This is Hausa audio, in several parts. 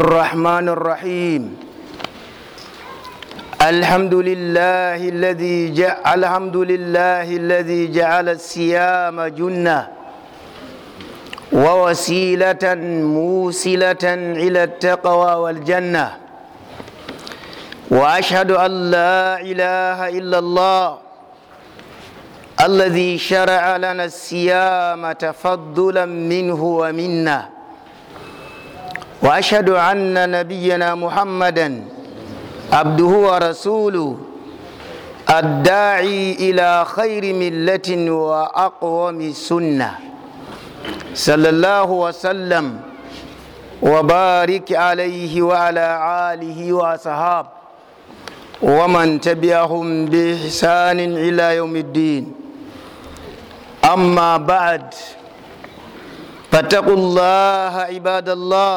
الرحمن الرحيم الحمد لله الذي جعل الحمد لله الذي جعل الصيام جنة ووسيلة موصلة إلى التقوى والجنة وأشهد أن لا إله إلا الله الذي شرع لنا الصيام تفضلا منه ومنا واشهد ان نبينا محمدا عبده ورسوله الداعي الى خير مله واقوم سنه صلى الله وسلم وبارك عليه وعلى اله وصحاب ومن تبعهم باحسان الى يوم الدين اما بعد فاتقوا الله عباد الله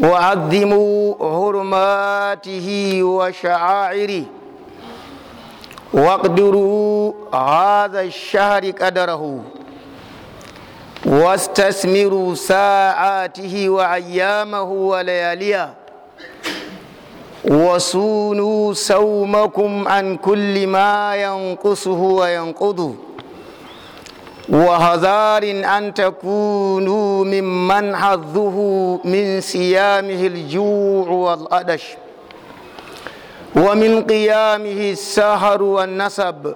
وعظموا حرماته وشعائره واقدروا هذا الشهر قدره واستثمروا ساعاته وأيامه ولياليه وصونوا صومكم عن كل ما ينقصه وينقضه وهذار أن تكونوا ممن حظه من صيامه الجوع والأدش ومن قيامه السهر والنسب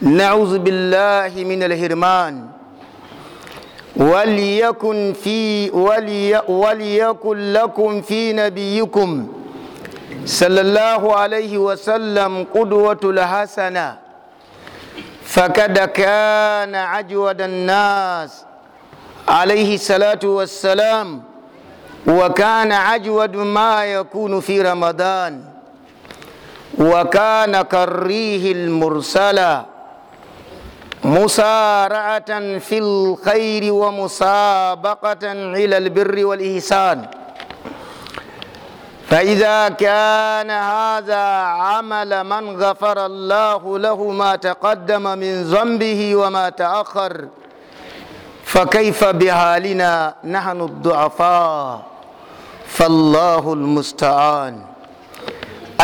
نعوذ بالله من الهرمان وليكن في ولي وليكن لكم في نبيكم صلى الله عليه وسلم قدوة الحسنه فقد كان عجود الناس عليه الصلاة والسلام وكان عجود ما يكون في رمضان وكان كريه المرسلة مسارعة في الخير ومسابقة إلى البر والإحسان فإذا كان هذا عمل من غفر الله له ما تقدم من ذنبه وما تأخر فكيف بحالنا نحن الضعفاء فالله المستعان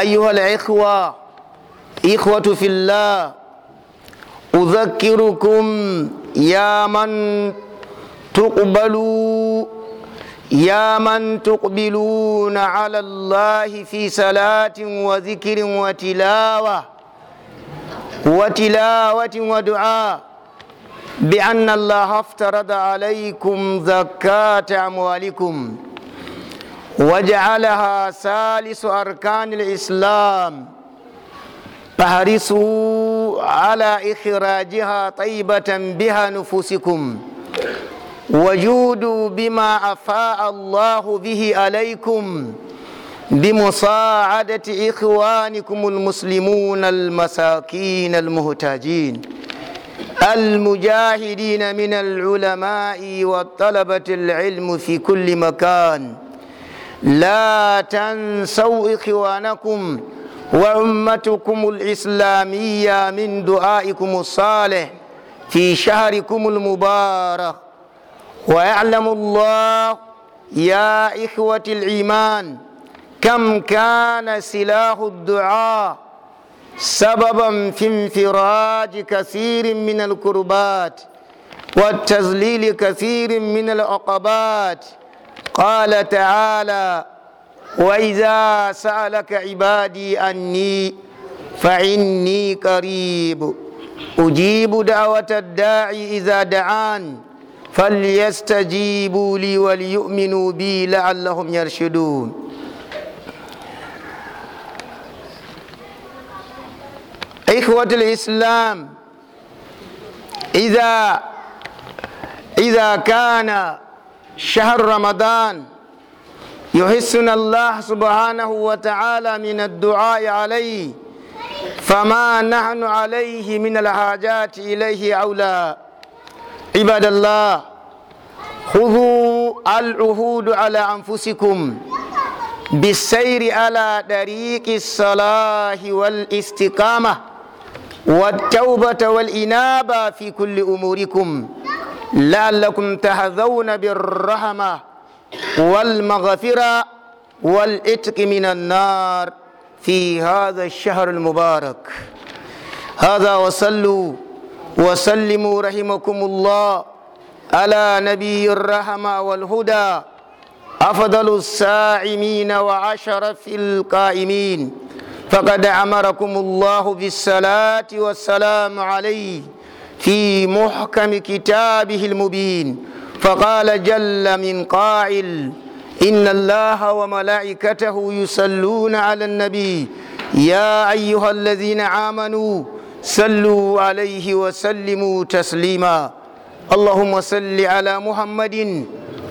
أيها الإخوة إخوة في الله أذكركم يا من تقبلوا يا من تقبلون على الله في صلاة وذكر وتلاوة وتلاوة ودعاء بأن الله افترض عليكم زكاة أموالكم وجعلها ثالث أركان الإسلام فاحرصوا على إخراجها طيبة بها نفوسكم وجودوا بما أفاء الله به عليكم بمساعدة إخوانكم المسلمون المساكين المهتاجين المجاهدين من العلماء والطلبة العلم في كل مكان لا تنسوا إخوانكم وأمتكم الإسلامية من دعائكم الصالح في شهركم المبارك ويعلم الله يا إخوة الإيمان كم كان سلاح الدعاء سببا في انفراج كثير من الكربات والتزليل كثير من العقبات قال تعالى وإذا سألك عبادي أني فإني قريب أجيب دعوة الداعي إذا دعاني فليستجيبوا لي وليؤمنوا بي لعلهم يرشدون إخوة الإسلام إذا إذا كان شهر رمضان يحسن الله سبحانه وتعالى من الدعاء عليه فما نحن عليه من الحاجات إليه أولى عباد الله خذوا العهود على أنفسكم بالسير على طريق الصلاح والاستقامة والتوبة والإنابة في كل أموركم لعلكم تهذون بالرحمة والمغفرة والإتق من النار في هذا الشهر المبارك هذا وصلوا وسلموا رحمكم الله على نبي الرحمة والهدى أفضل الساعمين وعشرف القائمين فقد أمركم الله بالصلاة والسلام عليه في محكم كتابه المبين فقال جل من قائل إن الله وملائكته يصلون على النبي يا أيها الذين آمنوا صلوا عليه وسلموا تسليما اللهم صل على محمد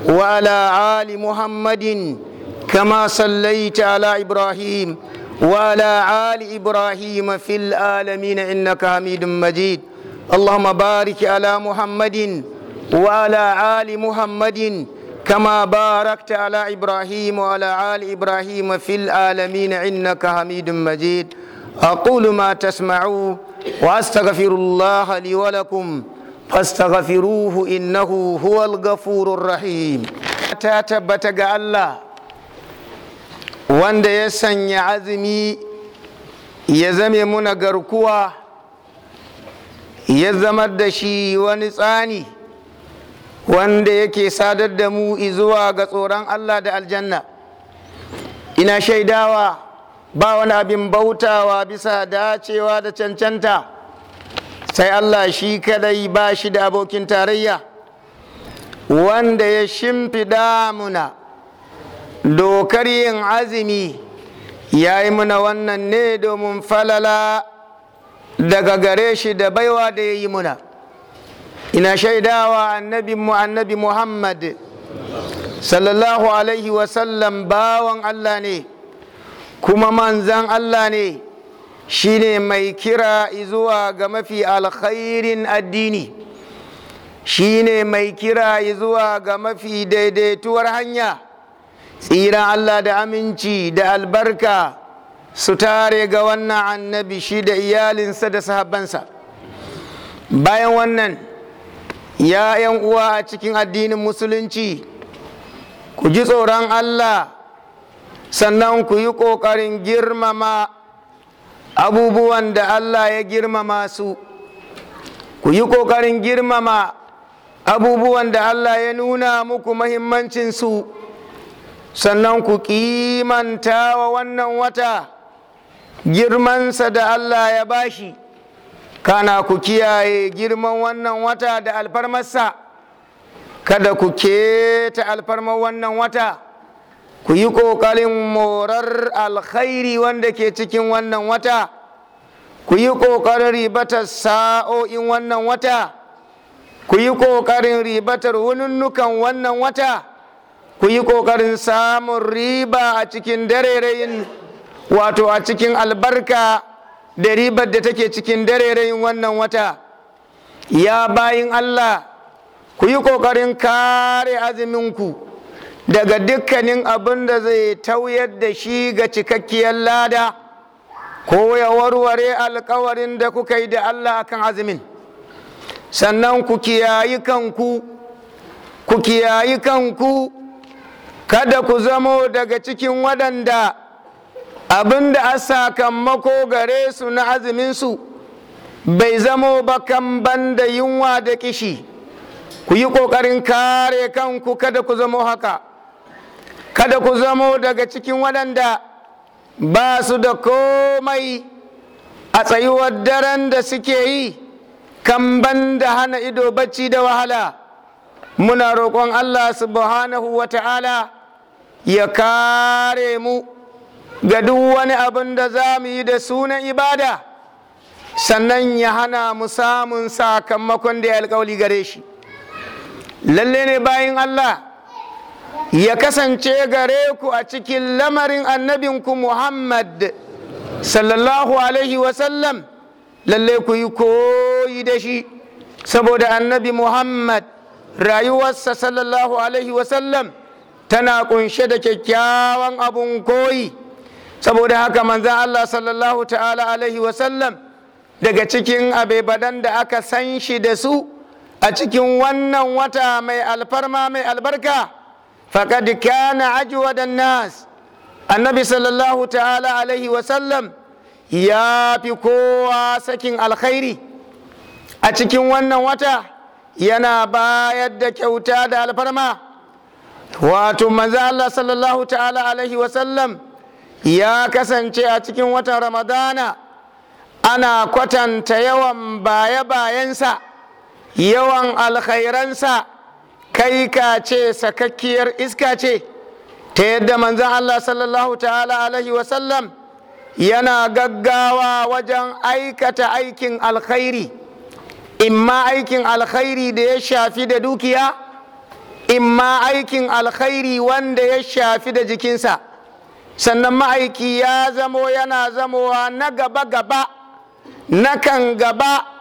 وعلى آل محمد كما صليت على إبراهيم وعلى آل إبراهيم في العالمين إنك حميد مجيد اللهم بارك على محمد وعلى آل محمد كما باركت على إبراهيم وعلى آل إبراهيم في العالمين إنك حميد مجيد أقول ما تسمعون واستغفر الله لي ولكم فاستغفروه انه هو الغفور الرحيم ta tabbata ga Allah wanda ya sanya azumi ya zame muna garkuwa ya zama da shi wani tsani wanda yake sadar da mu zuwa ga tsoron Allah da aljanna ina shaidawa ba wani abin bautawa bisa dacewa da cancanta sai Allah shi kadai ba shi da abokin tarayya wanda ya shimfiɗa muna dokar yin azumi ya yi muna wannan ne domin falala daga gare shi da baiwa da ya yi muna ina shaidawa annabi mu annabi muhammad sallallahu alaihi wasallam bawan Allah ne kuma manzan Allah ne shine mai kira zuwa ga mafi alkhairin addini shine mai kira zuwa ga mafi daidaituwar hanya tsira Allah da aminci da albarka su tare ga wannan annabi shi da iyalinsa da sahabbansa bayan wannan ya uwa a cikin addinin musulunci ku ji tsoron Allah sannan ku yi ƙoƙarin girmama abubuwan da Allah ya girmama su ku yi ƙoƙarin girmama abubuwan da Allah ya nuna muku su. sannan ku kimanta wa wannan wata girmansa da Allah ya bashi kana ku kiyaye girman wannan wata da alfarmarsa kada ku keta alfarmar wannan wata ku yi ƙoƙarin morar alkhairi wanda ke cikin wannan wata ku yi ƙoƙarin ribatar sa'o'in wannan wata ku yi ƙoƙarin ribatar hununnukan wannan wata ku yi ƙoƙarin samun riba a cikin darerayin wato a cikin albarka da ribar da take cikin darerayin wannan wata ya bayin Allah ku yi ƙoƙarin kare azuminku daga dukkanin abin da zai tauyar da shi ga cikakkiyar lada ko ya warware alkawarin da kuka yi da Allah kan azumin sannan ku kiyayi kanku ku kiyayi kanku kada ku zamo daga cikin waɗanda abin da a sakamako gare su na azuminsu bai zamo ba kan da yunwa da kishi ku yi ƙoƙarin kare kanku kada ku zamo haka kada ku zamo daga cikin waɗanda ba su da komai a tsayuwar daren da suke yi kamban da hana ido bacci da wahala muna roƙon allah subhanahu wa ta'ala ya kare mu ga duk wani abin da za mu yi da sunan ibada sannan ya hana mu samun sakamakon da ya alƙawali gare shi lalle ne bayan allah ya kasance gare ku a cikin lamarin annabinku Muhammad sallallahu alaihi wasallam lalle ku yi koyi da shi saboda annabi Muhammad rayuwarsa sallallahu alaihi wasallam tana kunshe da kyakkyawan abun koyi saboda haka manzan Allah sallallahu ta'ala alaihi wasallam daga cikin abebadan da aka san shi da su a cikin wannan wata mai alfarma mai albarka فقد كان أجود الناس النبي صلى الله تعالى عليه وسلم يا بكوا سكن الخير أتكن ون وتا ينا بايد كوتا دا الفرما واتو منزا الله صلى الله تعالى عليه وسلم ya kasance a cikin watan ramadana ana kwatanta yawan baye-bayensa yawan alkhairansa kai ka ce sakakkiyar iska ce ta yadda manzan Allah sallallahu ta'ala alaihi wasallam yana gaggawa wajen aikata aikin alkhairi imma aikin alkhairi da ya shafi da dukiya imma aikin alkhairi wanda ya shafi da jikinsa sannan ma'aiki ya zamo yana zamowa na gaba-gaba na kan gaba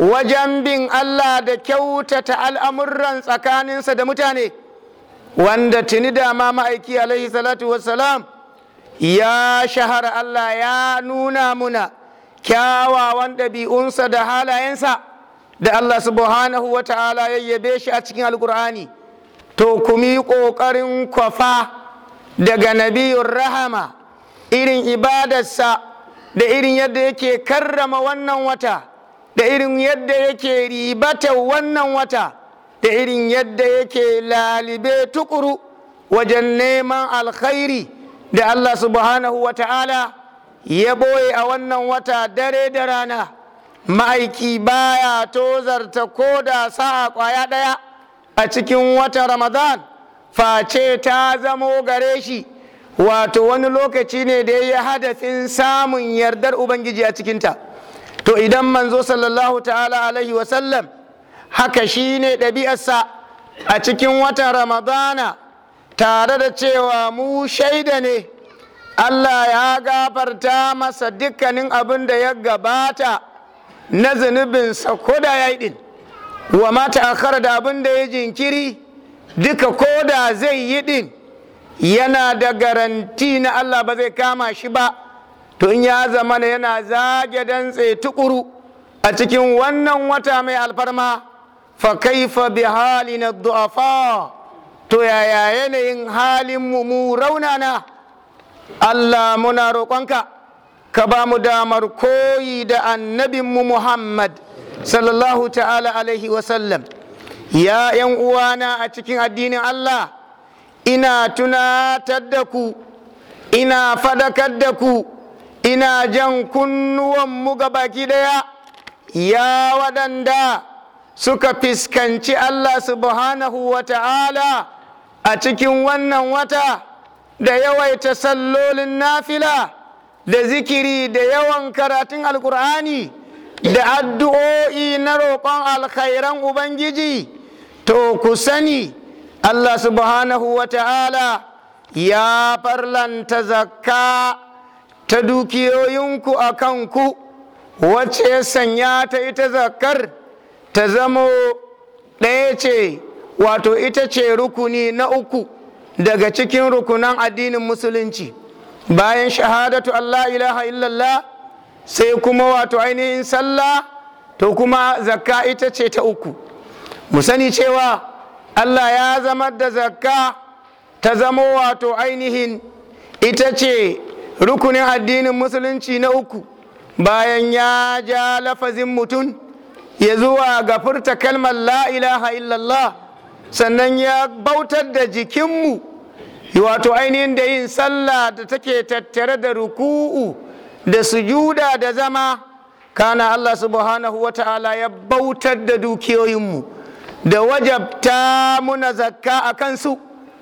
wajen bin Allah da kyautata al'amuran tsakaninsa da mutane wanda tuni da ma ma'aiki alaihi salatu wassalam ya shahara Allah ya nuna muna kyawawan ɗabi'unsa da halayensa da Allah subhanahu wa ta'ala yayyabe shi a cikin alkur'ani to kumi ƙoƙarin kwafa daga nabiyun rahama irin ibadarsa da irin yadda yake karrama wannan wata da irin yadda yake ribata wannan wata da irin yadda yake lalibe tukuru wajen neman alkhairi da Allah subhanahu wa ta'ala ya boye a wannan wata dare da rana ma'aiki baya tozarta ko da sa'a kwaya ɗaya a cikin wata ramadan face ta zamo gare shi wato wani lokaci ne da ya yi hadafin samun yardar ubangiji a cikinta to idan manzo sallallahu ta'ala alaihi wasallam haka shi ne ɗabi'arsa a cikin watan ramadana tare da cewa mu shaida ne allah ya gafarta masa dukkanin abin da ya gabata na zunubinsa ko da ya yi wa mata akar da abin da ya jinkiri duka ko da zai yi din yana da garanti na allah ba zai kama shi ba tun ya zama na yana zage dantse tukuru a cikin wannan wata mai alfarma fa kaifa bi halin du'afa to yaya yanayin halin mu mu raunana Allah muna roƙonka ka ba mu damar koyi da annabin mu Muhammad sallallahu ta'ala alaihi sallam. ya ‘yan uwana a cikin addinin Allah ina tunatar da ku ina fadakar da ku ina jan kunnuwanmu ga baki ɗaya ya waɗanda suka fiskanci Allah subhanahu wa ta'ala a cikin wannan wata da yawaita sallolin nafila da zikiri da yawan karatun alkur'ani da addu'o'i na roƙon alkhairan Ubangiji to ku sani Allah subhanahu wa ta'ala ya farlanta zakka ta dukiyoyinku a kanku wacce ya sanya ta ita zakar ta zamo ɗaya ce wato ita ce rukuni na uku daga cikin rukunan addinin musulunci bayan shahadatu Allah ilaha illallah sai kuma wato ainihin sallah to kuma zakka ita ce ta uku mu sani cewa Allah ya zama da zakka ta zamo wato ainihin ita ce rukunin addinin musulunci na uku bayan ya ja lafazin mutum ya zuwa ga furta kalmar la ilaha illallah sannan ya bautar da jikinmu wato ainihin da yin sallah da take tattare da ruku'u da sujuda da zama kana Allah subhanahu wa ta'ala ya bautar da dukiyoyinmu da wajabta muna zakka a kansu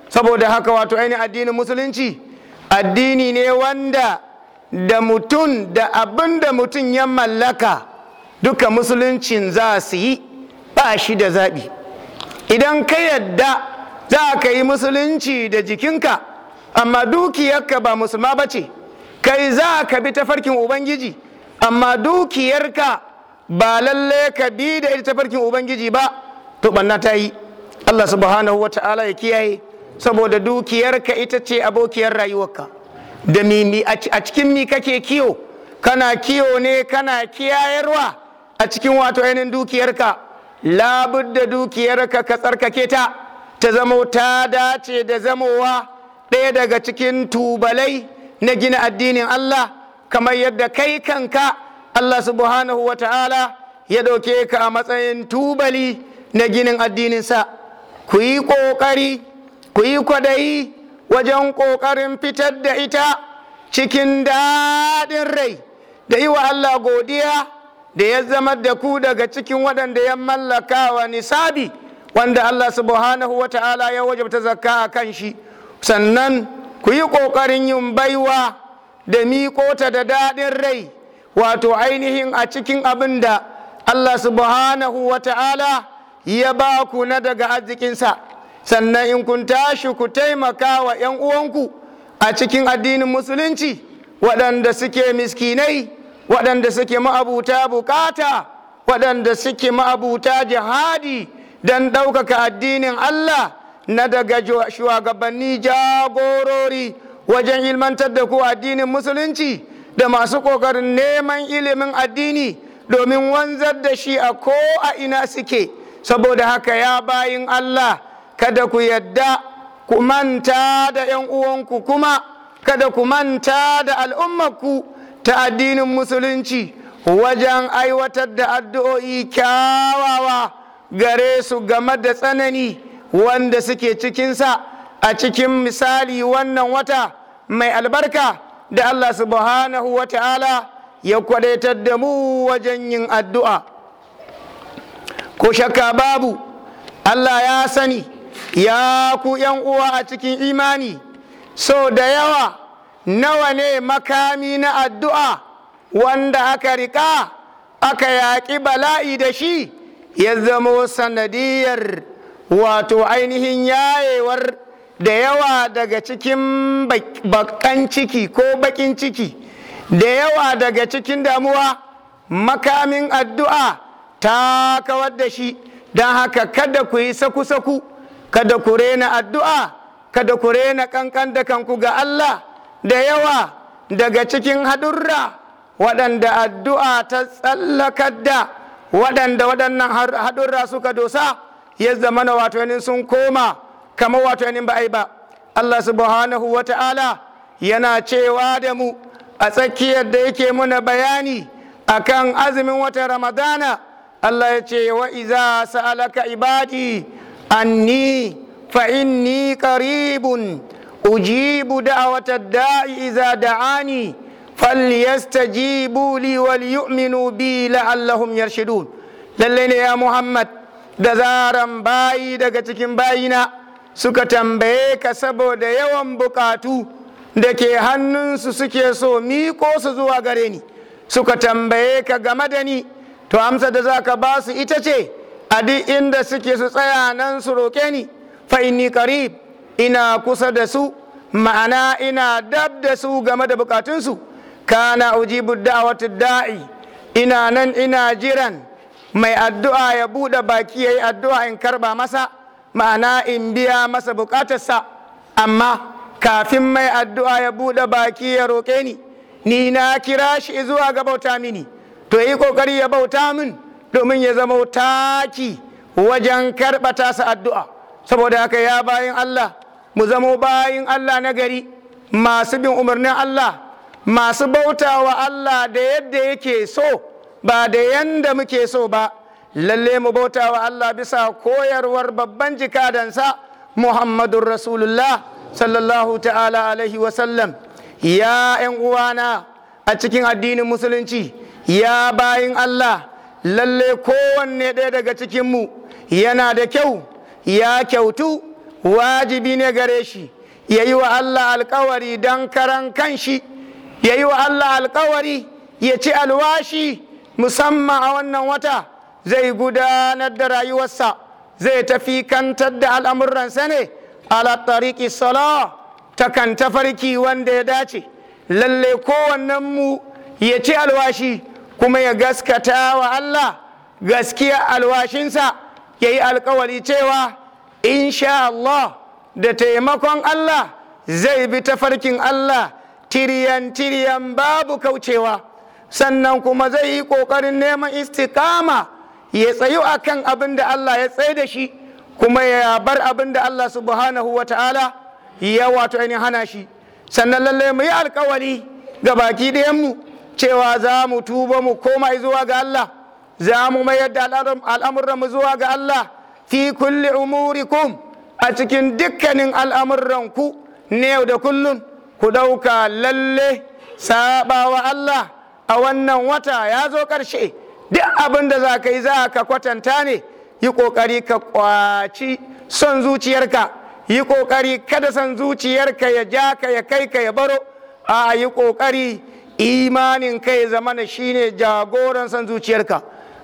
saboda haka wato ainihin addinin musulunci addini ne wanda da mutum da abin da mutum ya mallaka duka musuluncin za su yi ba shi da zaɓi idan ka yadda za ka yi musulunci da jikinka amma dukiyarka ba musulma ba ce kai za ka bi tafarkin ubangiji amma dukiyarka ba lalle ka bi da ita tafarkin ubangiji ba to ɓanna ta yi allah subhanahu wa ta'ala ya kiyaye saboda dukiyarka ita ce abokiyar rayuwarka da mimi a cikin mi kake kiyo kana kiyo ne kana kiyayarwa a cikin wato ainihin dukiyarka da dukiyarka ka tsarkake ta ta zamo ta dace da zamowa ɗaya daga cikin tubalai na gina addinin Allah kamar yadda kai kanka Allah subhanahu wa ta'ala ya ɗauke ka a matsayin tubali na ginin addininsa ku yi ƙoƙari ku yi kwadayi wajen ƙoƙarin fitar da ita cikin daɗin rai da yi wa Allah godiya da ya zama da ku daga cikin waɗanda ya mallaka wa nisabi wanda Allah subhanahu wa ta'ala ya wajabta zakka a kan shi sannan ku yi ƙoƙarin yin baiwa da miƙota da daɗin rai wato ainihin a cikin abin da Allah subhanahu wa ta'ala ya ba ku na daga arzikinsa sannan in kun tashi ku taimaka wa 'yan uwanku a cikin addinin musulunci waɗanda suke miskinai waɗanda suke ma'abuta bukata waɗanda suke ma'abuta jihadi don ɗaukaka addinin Allah na daga shugabanni jagorori wajen ilmantar da ku addinin musulunci da masu ƙoƙarin neman ilimin addini domin wanzar da shi a ko a ina suke saboda haka ya bayin Allah kada ku yadda ku manta da ‘yan uwanku kuma kada ku manta da al'ummaku ta addinin musulunci wajen aiwatar da addu'o'i kyawawa gare su game da tsanani wanda suke cikinsa a cikin misali wannan wata mai albarka da Allah subhanahu wa ta'ala ya kwadaitar da mu wajen yin addu'a ko shakka babu Allah ya sani ya ku yan uwa a cikin imani so da yawa nawa ne makami na addu'a wanda aka riƙa aka yaƙi bala'i da shi ya zamo sanadiyar wato ainihin yayewar da yawa daga cikin bakan ciki ko bakin ciki da yawa daga cikin damuwa makamin addu'a ta kawar da shi don haka kada ku yi saku-saku kada ku rena addu'a kada ku rena kankan da kanku ga Allah da yawa daga cikin hadurra waɗanda addu'a ta tsallakar da waɗanda waɗannan hadurra suka dosa ya zama na wato sun koma kama wato ba ba Allah subhanahu wa ta'ala yana cewa da mu a tsakiyar da yake muna bayani a kan azumin watan ramadana Allah ya ce wa iza sa'alaka ibadi anni fa inni qaribun ujibu da'wata da'i idza da'ani falyastajibu li wal yu'minu bi la'allahum shidu. Lallai ne ya Muhammad da zaran bayi daga cikin bayina suka tambaye ka saboda yawan bukatu da ke hannunsu suke so miko su zuwa gare ni suka tambaye ka game da ni to amsa da za ka ba su ita ce a duk inda suke su tsaya nan su roƙe ni fa inni qarib ina kusa da su ma'ana ina dab da su game da bukatunsu kana ujibu da'wati da'i ina nan ina jiran mai addu'a ya bude baki yayi addu'a in karba masa ma'ana in biya masa bukatarsa amma kafin mai addu'a ya buɗe baki ya roƙe ni ni na kira shi zuwa ga bauta mini to yi kokari ya bauta min domin ya zama taki wajen karɓa tasa addu'a saboda haka ya bayin Allah mu zama bayin Allah na gari masu bin umarnin Allah masu bautawa Allah da yadda yake so ba da yanda muke so ba lalle mu bautawa Allah bisa koyarwar babban jikadansa Muhammadun Rasulullah sallallahu ta'ala alaihi wasallam ya ‘yan uwana a cikin addinin musulunci ya bayin Allah lalle kowanne ɗaya daga cikinmu yana da kyau ya kyautu wajibi ne gare shi ya yi wa Allah alkawari don karan kanshi ya yi wa Allah alkawari ya ci alwashi musamman a wannan wata zai gudanar da rayuwarsa zai tafi kantar da al'amuransa ne ala salawa, ta kan tafarki wanda ya dace lalle kowannen mu ya ci alwashi kuma ya gaskata wa Allah gaskiya alwashinsa ya yi alkawari cewa insha Allah da taimakon Allah zai bi tafarkin Allah tiriyan tiriyan babu kaucewa sannan kuma zai yi ƙoƙarin neman istikama ya tsayu akan abin da Allah ya tsaye da shi kuma ya bar abin da Allah subhanahu wa ta'ala ya wato ainihin hana shi sannan lallai mu yi alkawari ga baki ɗayanmu cewa za mu tuba mu koma zuwa ga Allah za mu mayar da al'amuranmu zuwa ga Allah fi kulli umurikum a cikin dukkanin al'amuranku ne yau da kullum ku ɗauka lalle saɓawa Allah a wannan wata ya zo ƙarshe duk abin da za ka yi za ka kwatanta ne yi ƙoƙari ka ƙwaci son zuciyarka yi ƙoƙari kada son zuciyarka ya ja ka ya kai ka ya baro a yi ƙoƙari imanin kai zama na shine jagoran san zuciyarka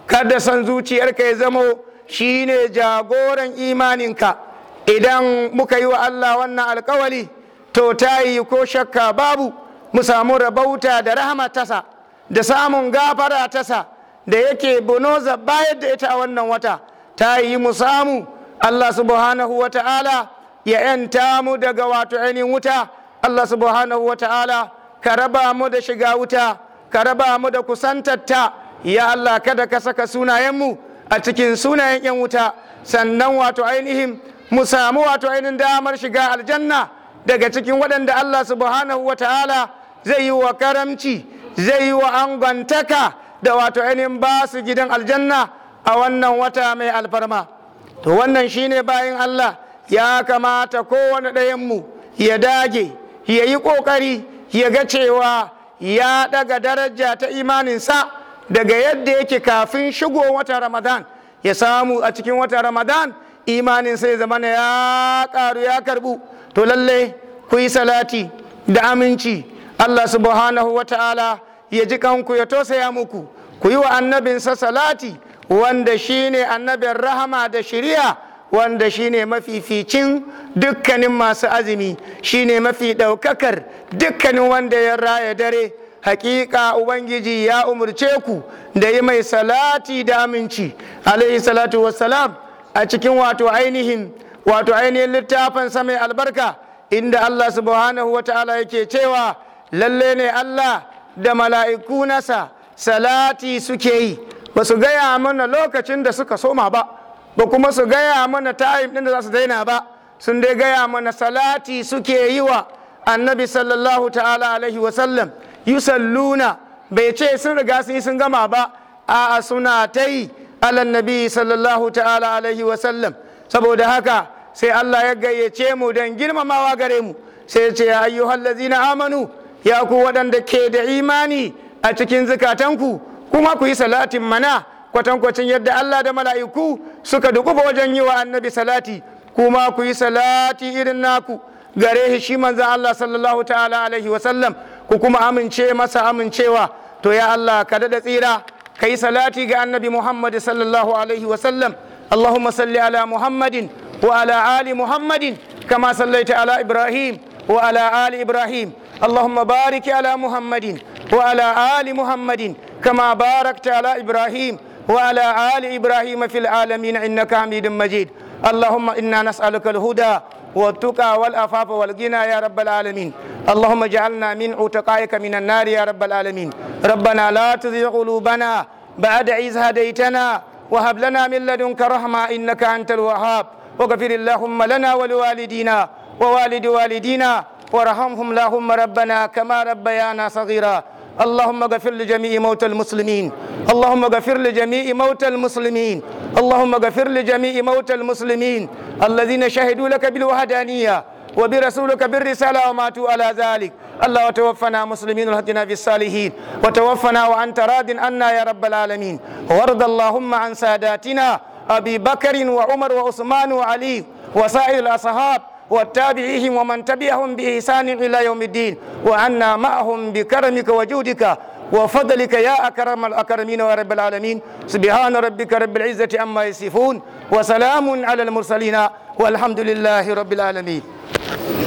kada san zuciyarka ya zamo shine jagoran imaninka idan muka yi wa Allah wannan alkawali to ta yi ko shakka babu mu samu rabauta da rahama tasa da samun gafara tasa da yake bunoza bayar da ita a wannan wata ta yi mu samu Allah subhanahu wa ta'ala ya ‘yanta mu daga wato ainihin wuta Allah subhanahu wa ta'ala ka raba mu da shiga wuta ka raba mu da kusantarta ya Allah kada ka saka sunayenmu a cikin sunayen 'yan wuta sannan wato ainihin mu samu wato ainihin damar shiga aljanna daga cikin waɗanda Allah subhanahu wa ta'ala zai yi wa karamci zai yi wa angantaka da wato ainihin ba su gidan aljanna a wannan wata mai alfarma to wannan shine bayan Allah ya kamata kowane ɗayanmu ya dage ya yi ƙoƙari ya ga cewa ya ɗaga daraja ta imaninsa daga yadda yake kafin shigo watan ramadan ya samu a cikin watan ramadan imanin sai zama ya karu ya karɓu. to lallai, ku yi salati da aminci allah subhanahu wa ta'ala ya ji kanku ya tosaya muku ku yi wa annabinsa salati wanda shine annabin rahama da shiriya wanda shine mafificin dukkanin masu azumi shine mafi ɗaukakar dukkanin wanda ya raya dare hakika ubangiji ya umarce ku da yi mai salati da aminci alaihi salatu wassalam a cikin wato ainihin wato ainihin littafin mai albarka inda allah subhanahu wa ta'ala yake cewa lalle ne allah da mala'ikunasa salati suke yi ba su gaya mana lokacin da suka soma ba ba kuma su gaya mana time ɗin da za su daina ba sun dai gaya mana salati suke yi wa annabi sallallahu ta'ala alaihi wasallam salluna bai ce sun riga sun yi sun gama ba a suna ta yi alannabi sallallahu ta'ala alaihi wasallam saboda haka sai Allah ya gayyace mu don girmamawa gare mu sai ce ya na amanu ya ku waɗanda ke da imani a cikin zukatanku kuma ku yi salatin mana kwatankwacin yadda Allah da mala'iku suka dukuba wajen yi wa annabi salati kuma ku yi salati irin naku gare shi shi manzan Allah sallallahu ta'ala alaihi wasallam ku kuma amince masa amincewa to ya Allah ka daɗa tsira ka yi salati ga annabi Muhammad sallallahu alaihi wasallam Allahumma salli ala Muhammadin wa ala ali Muhammadin kama sallaita ala Ibrahim wa ala ali Ibrahim Allahumma bariki ala Muhammadin wa ala ali Muhammadin kama barakta ala Ibrahim وعلى آل إبراهيم في العالمين إنك حميد مجيد اللهم إنا نسألك الهدى والتقى والأفاف والغنى يا رب العالمين اللهم اجعلنا من عتقائك من النار يا رب العالمين ربنا لا تزغ قلوبنا بعد إذ هديتنا وهب لنا من لدنك رحمة إنك أنت الوهاب وغفر اللهم لنا ولوالدينا ووالد والدينا وارحمهم اللهم ربنا كما ربيانا صغيرا اللهم اغفر لجميع موتى المسلمين اللهم اغفر لجميع موتى المسلمين اللهم اغفر لجميع موتى المسلمين الذين شهدوا لك بالوحدانيه وبرسولك بالرسالة وماتوا على ذلك الله وتوفنا مسلمين وهدنا في الصالحين وتوفنا وأنت راد أنا يا رب العالمين وارض اللهم عن ساداتنا أبي بكر وعمر وعثمان وعلي وسائر الأصحاب والتابعين ومن تبعهم بإحسان إلى يوم الدين وعنا معهم بكرمك وجودك وفضلك يا أكرم الأكرمين ورب العالمين سبحان ربك رب العزة عما يصفون وسلام على المرسلين والحمد لله رب العالمين